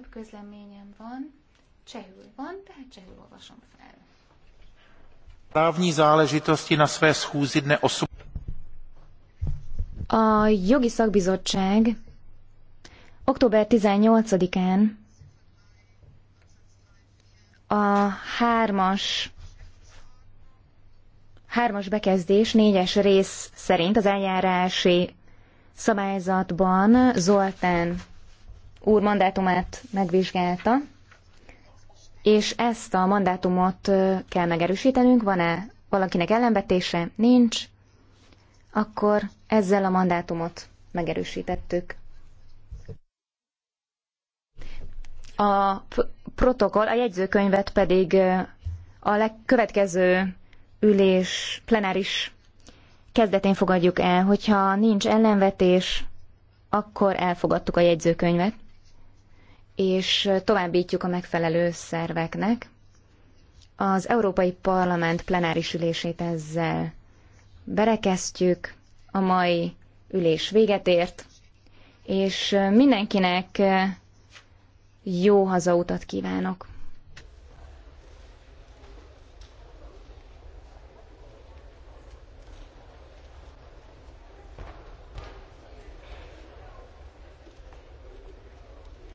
több közleményem van, csehül van, tehát csehül olvasom fel. Právní záležitosti na své schůzi dne 8. A jogi szakbizottság október 18-án a hármas hármas bekezdés négyes rész szerint az eljárási szabályzatban Zoltán úr mandátumát megvizsgálta, és ezt a mandátumot kell megerősítenünk. Van-e valakinek ellenvetése? Nincs. Akkor ezzel a mandátumot megerősítettük. A protokoll, a jegyzőkönyvet pedig a legkövetkező ülés, plenáris kezdetén fogadjuk el, hogyha nincs ellenvetés, akkor elfogadtuk a jegyzőkönyvet és továbbítjuk a megfelelő szerveknek. Az Európai Parlament plenáris ülését ezzel berekeztjük, a mai ülés véget ért, és mindenkinek jó hazautat kívánok!